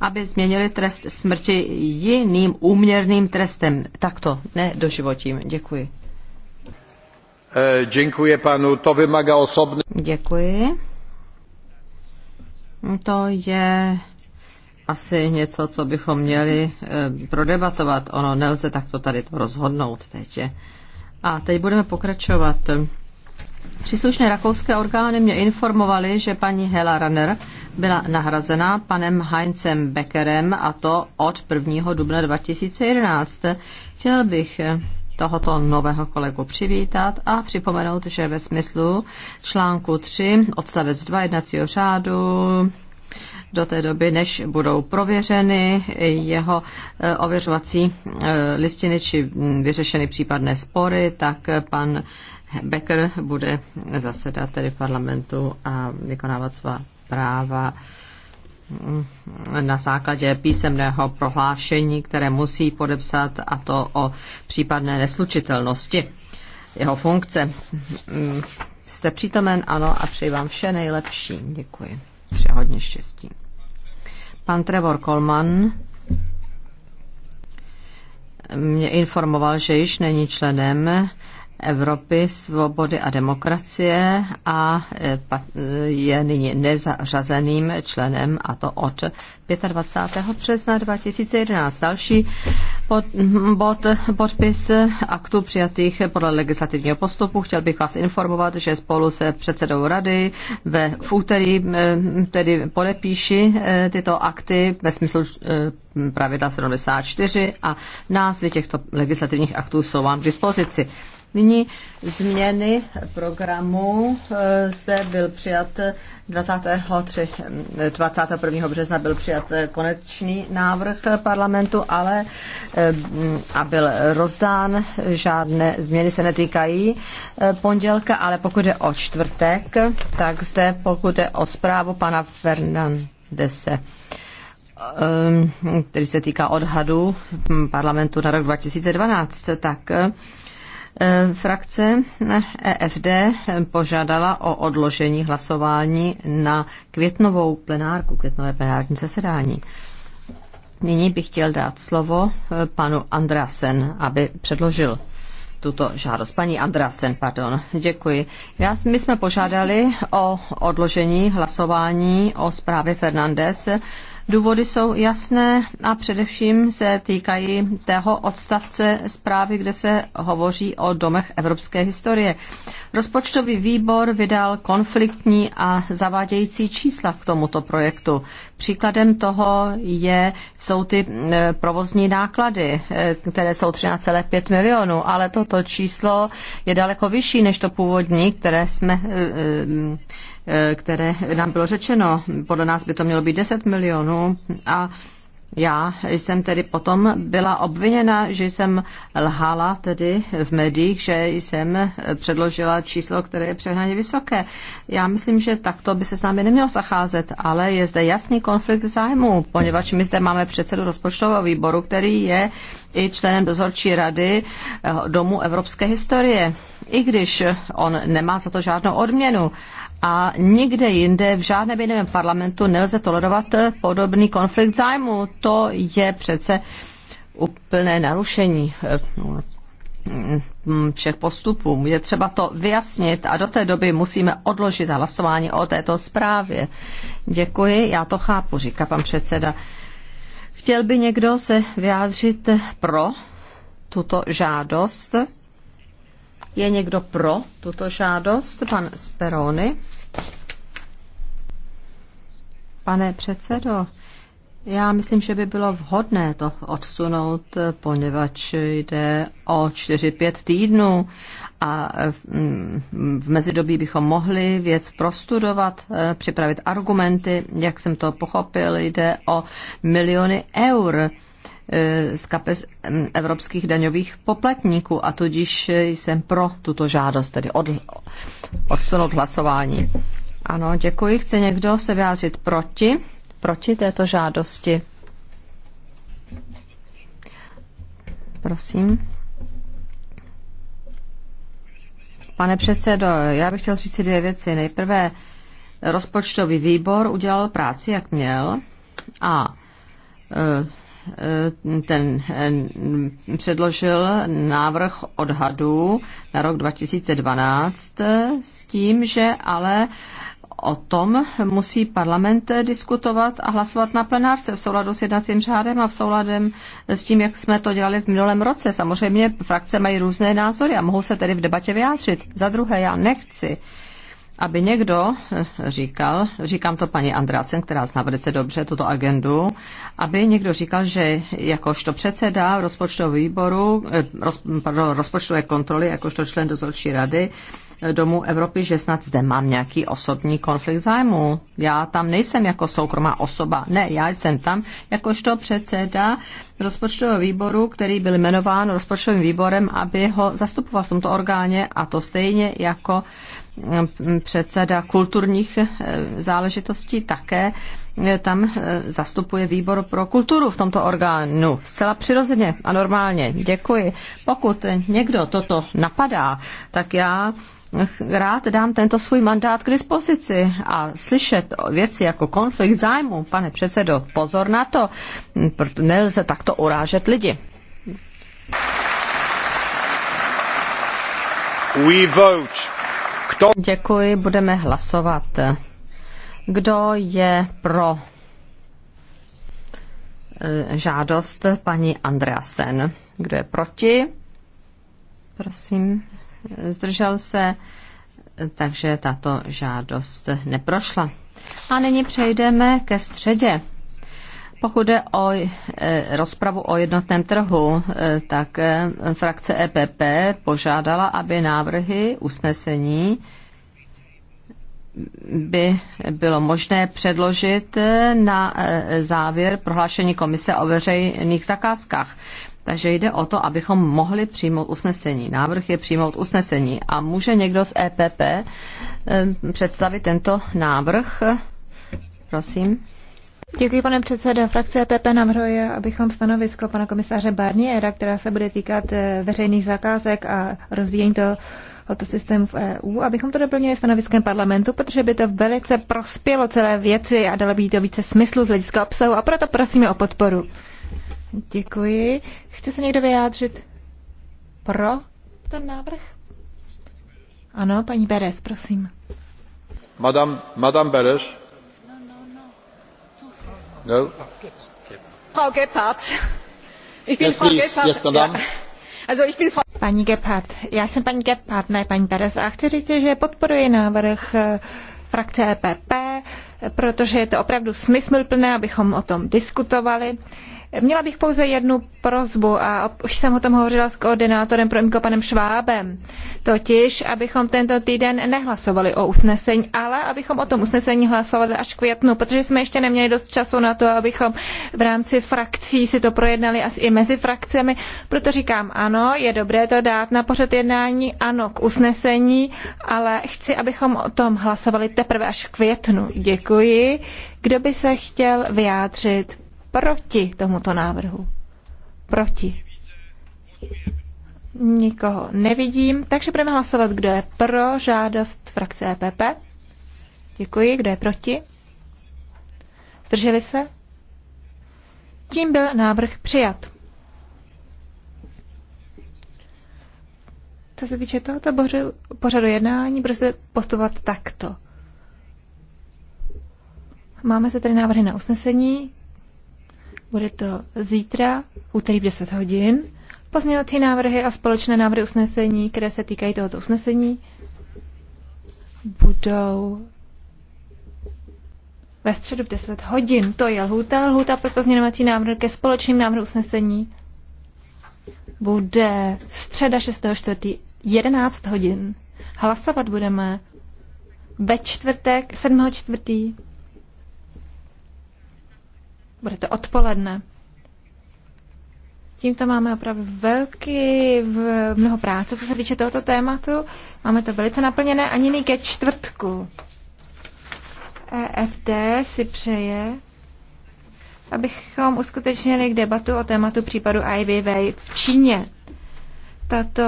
aby změnili trest smrti jiným úměrným trestem. Takto, ne doživotím. Děkuji. Eh, děkuji panu, to vymaga osobně. Děkuji. To je asi něco, co bychom měli eh, prodebatovat. Ono nelze takto tady to rozhodnout teď. A teď budeme pokračovat. Příslušné rakouské orgány mě informovaly, že paní Hela Runner byla nahrazena panem Heinzem Beckerem a to od 1. dubna 2011. Chtěl bych tohoto nového kolegu přivítat a připomenout, že ve smyslu článku 3 odstavec 2 jednacího řádu do té doby, než budou prověřeny jeho eh, ověřovací eh, listiny či mm, vyřešeny případné spory, tak pan Becker bude zasedat tedy parlamentu a vykonávat svá práva na základě písemného prohlášení, které musí podepsat, a to o případné neslučitelnosti jeho funkce. Jste přítomen, ano, a přeji vám vše nejlepší. Děkuji. Vše hodně štěstí. Pan Trevor Coleman mě informoval, že již není členem Evropy, svobody a demokracie a e, je nyní nezařazeným členem, a to od 25. března 2011. Další pod, bod, podpis aktů přijatých podle legislativního postupu. Chtěl bych vás informovat, že spolu se předsedou rady ve, v úterý e, tedy podepíši e, tyto akty ve smyslu pravidla 74 a názvy těchto legislativních aktů jsou vám k dispozici. Nyní změny programu eh, zde byl přijat 23, eh, 21. Eh, března byl přijat konečný návrh parlamentu, ale a byl rozdán, žádné změny se netýkají pondělka, ale pokud je o čtvrtek, tak zde pokud je o zprávu pana Fernandese který se týká odhadu hm, parlamentu na rok 2012, tak Eh, frakce EFD eh, e požádala o odložení hlasování na květnovou plenárku, květnové plenární zasedání. Nyní bych chtěl dát slovo eh, panu Andrasen, aby předložil tuto žádost. Paní Andrasen, pardon, děkuji. Já, my jsme požádali o odložení hlasování o zprávě Fernandez Důvody jsou jasné a především se týkají tého odstavce zprávy, kde se hovoří o domech evropské historie. Rozpočtový výbor vydal konfliktní a zavádějící čísla k tomuto projektu. Příkladem toho je, jsou ty e, provozní náklady, e, které jsou 13,5 milionů, ale toto číslo je daleko vyšší než to původní, které jsme e, Eh, které nám bylo řečeno. Podle nás by to mělo být 10 milionů a já jsem tedy potom byla obviněna, že jsem lhala tedy v médiích, že jsem předložila číslo, které je přehnaně vysoké. Já myslím, že takto by se s námi nemělo zacházet, ale je zde jasný konflikt zájmu, poněvadž my zde máme předsedu rozpočtového výboru, který je i členem dozorčí rady eh, Domu evropské historie, i když on nemá za to žádnou odměnu a nikde jinde, v žádném jiném parlamentu nelze tolerovat podobný konflikt zájmu. To je přece úplné narušení eh, mm, všech postupů. Je třeba to vyjasnit a do té doby musíme odložit hlasování o této zprávě. Děkuji, já to chápu, říká pan předseda. Chtěl by někdo se vyjádřit pro tuto žádost? Je někdo pro tuto žádost? Pan Speroni. Pane předsedo, já myslím, že by bylo vhodné to odsunout, poněvadž jde o 4-5 týdnů a mm, v mezidobí bychom mohli věc prostudovat, eh, připravit argumenty. Jak jsem to pochopil, jde o miliony eur Eh, z kapes mm, evropských daňových poplatníků a tudíž jsem pro tuto žádost, tedy od, odsunout hlasování. Ano, děkuji. Chce někdo se vyjádřit proti, proti této žádosti? Prosím. Pane předsedo, já bych chtěl říct dvě věci. Nejprve rozpočtový výbor udělal práci, jak měl, a eh, Eh, ten eh, předložil návrh odhadu na rok 2012 s tím, že ale o tom musí parlament diskutovat a hlasovat na plenárce v souladu s jednacím řádem a v souladem s tím, jak jsme to dělali v minulém roce. Samozřejmě frakce mají různé názory a mohou se tedy v debatě vyjádřit. Za druhé, já nechci, aby někdo eh, říkal, říkám to paní Andrásen, která zná velice dobře tuto agendu, aby někdo říkal, že jakožto předseda rozpočtového výboru, eh, roz, pardon, rozpočtové kontroly, jakožto člen dozorčí rady, eh, Domu Evropy, že snad zde mám nějaký osobní konflikt zájmu. Já tam nejsem jako soukromá osoba. Ne, já jsem tam jakožto předseda rozpočtového výboru, který byl jmenován rozpočtovým výborem, aby ho zastupoval v tomto orgáně a to stejně jako předseda kulturních eh, záležitostí také eh, tam eh, zastupuje výbor pro kulturu v tomto orgánu. Zcela přirozeně a normálně. Děkuji. Pokud někdo toto napadá, tak já rád dám tento svůj mandát k dispozici a slyšet věci jako konflikt zájmu. Pane předsedo, pozor na to, hm, protože nelze takto urážet lidi. We vote. Kdo... Děkuji, budeme hlasovat. Kdo je pro eh, žádost paní Andreasen? Kdo je proti? Prosím, zdržel se, takže tato žádost neprošla. A nyní přejdeme ke středě. Pokud jde o eh, rozpravu o jednotném trhu, eh, tak eh, frakce EPP požádala, aby návrhy usnesení by bylo možné předložit na závěr prohlášení komise o veřejných zakázkách. Takže jde o to, abychom mohli přijmout usnesení. Návrh je přijmout usnesení. A může někdo z EPP představit tento návrh? Prosím. Děkuji, pane předsedo. Frakce PP e navrhuje, abychom stanovisko pana komisaře Barniera, která se bude týkat eh, veřejných zakázek a rozvíjení toho to systému v EU, abychom to doplnili stanoviskem parlamentu, protože by to velice prospělo celé věci a dalo by to více smyslu z hlediska obsahu a proto prosíme o podporu. Děkuji. Chce se někdo vyjádřit pro ten návrh? Ano, paní Beres, prosím. Madame, Madame Beres. No? Frau Gebhardt. Ich bin Frau Gebhardt. ich bin Frau Paní Gebhardt. Já jsem paní Gebhardt, ne paní Perez. A chci říct, že podporuji návrh eh, frakce EPP, protože je to opravdu smysluplné, abychom o tom diskutovali. Měla bych pouze jednu prozbu a už jsem o tom hovořila s koordinátorem pro IMCO panem Švábem. Totiž, abychom tento týden nehlasovali o usnesení, ale abychom o tom usnesení hlasovali až v květnu, protože jsme ještě neměli dost času na to, abychom v rámci frakcí si to projednali asi i mezi frakcemi. Proto říkám ano, je dobré to dát na pořad jednání, ano k usnesení, ale chci, abychom o tom hlasovali teprve až v květnu. Děkuji. Kdo by se chtěl vyjádřit? proti tomuto návrhu. Proti. Nikoho nevidím, takže budeme hlasovat, kdo je pro žádost frakce EPP. Děkuji, kdo je proti. Zdrželi se? Tím byl návrh přijat. Co se týče tohoto pořadu, jednání, bude se postupovat takto. Máme se tady návrhy na usnesení, bude to zítra, úterý v 10 hodin. Pozměňovací návrhy a společné návrhy usnesení, které se týkají tohoto usnesení, budou ve středu v 10 hodin. To je lhůta. Lhůta pro pozměňovací návrh ke společným návrhům usnesení bude středa 6.4. 11 hodin. Hlasovat budeme ve čtvrtek 7.4. Bude to odpoledne. Tímto máme opravdu velký v mnoho práce, co se týče tohoto tématu. Máme to velice naplněné, ani ne ke čtvrtku. EFT si přeje, abychom uskutečnili debatu o tématu případu IBV v Číně. Tato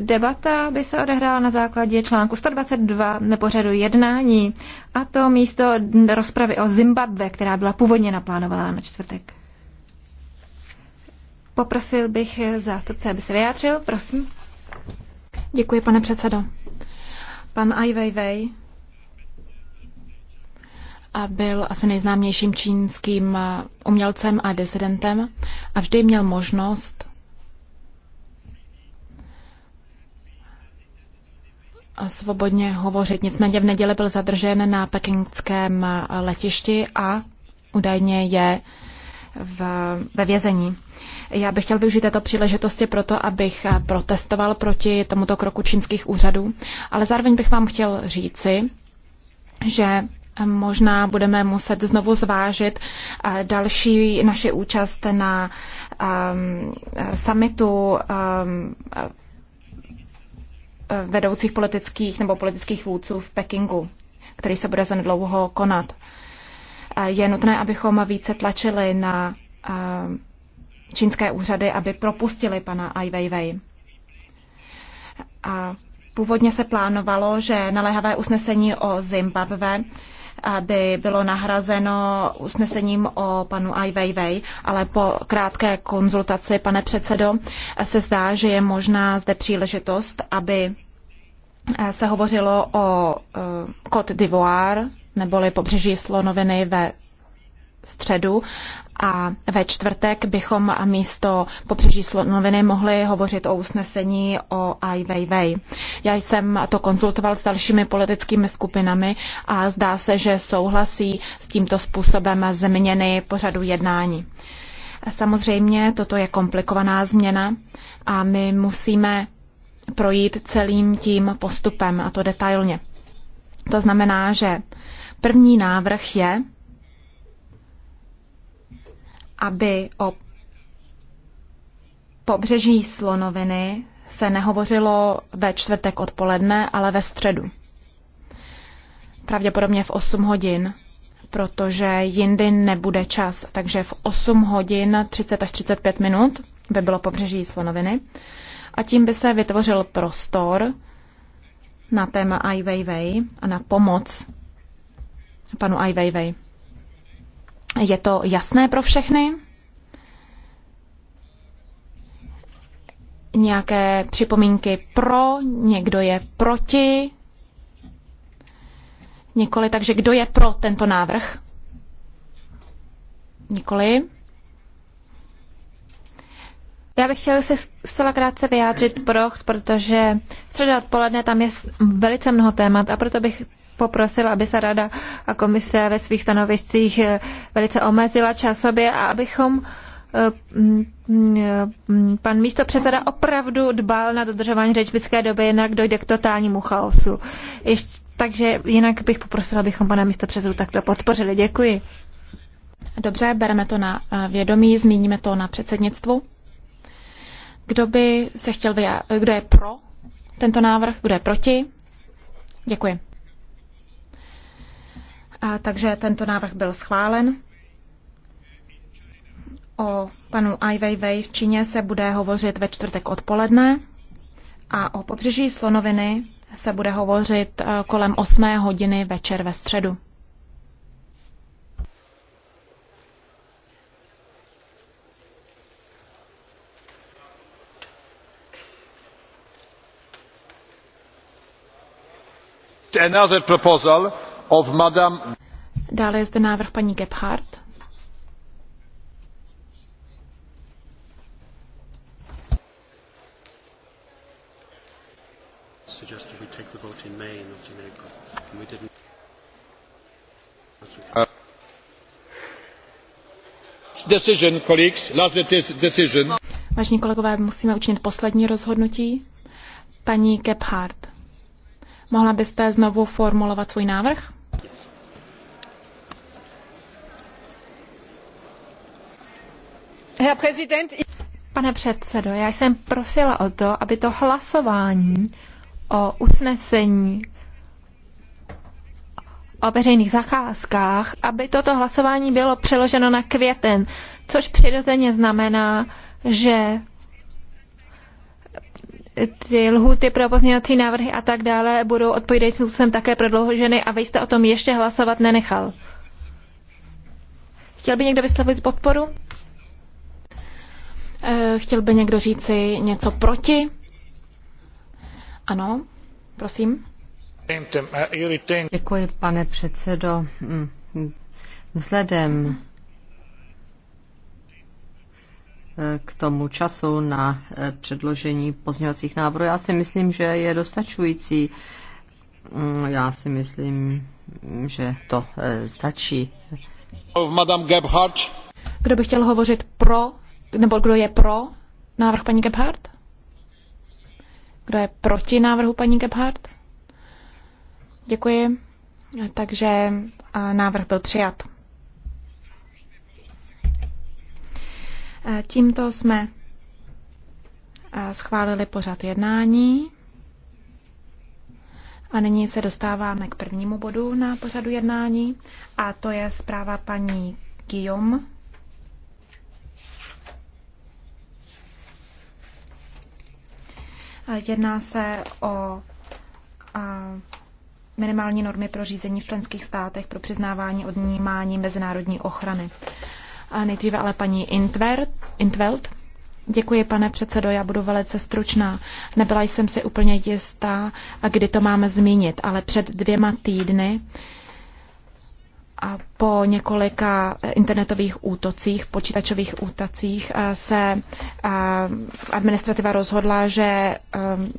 debata by se odehrála na základě článku 122 nepořadu jednání, a to místo rozpravy o Zimbabwe, která byla původně naplánovaná na čtvrtek. Poprosil bych zástupce, aby se vyjádřil, prosím. Děkuji, pane předsedo. Pan Ai Weiwei a byl asi nejznámějším čínským umělcem a disidentem a vždy měl možnost svobodně hovořit. Nicméně v neděli byl zadržen na pekingském eh, letišti a údajně je v, ve vězení. Já bych chtěl využít této příležitosti proto, abych eh, protestoval proti tomuto kroku čínských úřadů, ale zároveň bych vám chtěl říci, že eh, možná budeme muset znovu zvážit další naše účast na um, summitu um, vedoucích politických nebo politických vůdců v Pekingu, který se bude zanedlouho konat. Je nutné, abychom více tlačili na čínské úřady, aby propustili pana Ai Weiwei. A původně se plánovalo, že naléhavé usnesení o Zimbabwe by bylo nahrazeno usnesením o panu Ai Weiwei, ale po krátké konzultaci, pane předsedo, se zdá, že je možná zde příležitost, aby se hovořilo o eh, Côte d'Ivoire, neboli pobřeží slonoviny ve středu a ve čtvrtek bychom místo pobřeží slonoviny mohli hovořit o usnesení o Ai Weiwei. Já jsem to konzultoval s dalšími politickými skupinami a zdá se, že souhlasí s tímto způsobem změny pořadu jednání. Samozřejmě toto je komplikovaná změna a my musíme projít celým tím postupem a to detailně. To znamená, že první návrh je, aby o pobřeží slonoviny se nehovořilo ve čtvrtek odpoledne, ale ve středu. Pravděpodobně v 8 hodin, protože jindy nebude čas. Takže v 8 hodin 30 až 35 minut by bylo pobřeží slonoviny. A tím by se vytvořil prostor na téma Ai Weiwei a na pomoc panu Ai Weiwei. Je to jasné pro všechny? Nějaké připomínky pro, někdo je proti? Nikoli, takže kdo je pro tento návrh? Nikoli. Já bych chtěla se zcela krátce vyjádřit pro, protože středa odpoledne tam je velice mnoho témat a proto bych poprosil, aby se rada a komise ve svých stanoviscích eh, velice omezila časově a abychom eh, pan místo předseda opravdu dbal na dodržování řečbické doby, jinak dojde k totálnímu chaosu. Ještě, takže jinak bych poprosila, abychom pana místo předsedu takto podpořili. Děkuji. Dobře, bereme to na eh, vědomí, zmíníme to na předsednictvu. Kdo by se chtěl vyjádřit, kdo je pro tento návrh, kdo je proti? Děkuji. A, takže tento návrh byl schválen. O panu Ai Weiwei v Číně se bude hovořit ve čtvrtek odpoledne a o pobřeží slonoviny se bude hovořit eh, kolem 8 hodiny večer ve středu. Another proposal of Madame... Dále je zde návrh paní Gebhardt. Vážení kolegové, musíme učinit poslední rozhodnutí. Paní Gebhardt, mohla byste znovu formulovat svůj návrh? Pane předsedo, já jsem prosila o to, aby to hlasování o usnesení o veřejných zakázkách, aby toto hlasování bylo přeloženo na květen, což přirozeně znamená, že ty lhuty pro pozměňovací návrhy a tak dále budou odpovídajícím způsobem také prodlouženy a vy jste o tom ještě hlasovat nenechal. Chtěl by někdo vyslovit podporu? Eh, chtěl by někdo říci něco proti? Ano, prosím. Děkuji, pane předsedo. Hm, vzhledem eh, k tomu času na eh, předložení pozměňovacích návrhů, já si myslím, že je dostačující. Hm, já si myslím, že to stačí. Kdo by chtěl hovořit pro nebo kdo je pro návrh paní Gebhardt? Kdo je proti návrhu paní Gebhardt? Děkuji. Takže návrh byl přijat. Tímto jsme schválili pořad jednání. A nyní se dostáváme k prvnímu bodu na pořadu jednání, a to je zpráva paní Guillaume. Jedná se o minimální normy pro řízení v členských státech pro přiznávání odnímání mezinárodní ochrany. A nejdříve ale paní Intvert, Intveld. Děkuji, pane předsedo, já budu velice stručná. Nebyla jsem si úplně jistá, kdy to máme zmínit, ale před dvěma týdny uh, po několika eh, internetových útocích, počítačových útocích eh, se eh, administrativa rozhodla, že ehm,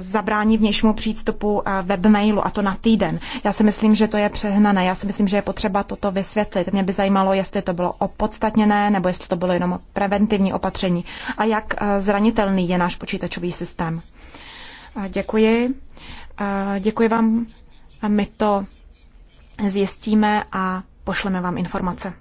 zabrání vnějšímu přístupu webmailu a to na týden. Já si myslím, že to je přehnané. Já si myslím, že je potřeba toto vysvětlit. Mě by zajímalo, jestli to bylo opodstatněné nebo jestli to bylo jenom preventivní opatření a jak zranitelný je náš počítačový systém. Děkuji. Děkuji vám. My to zjistíme a pošleme vám informace.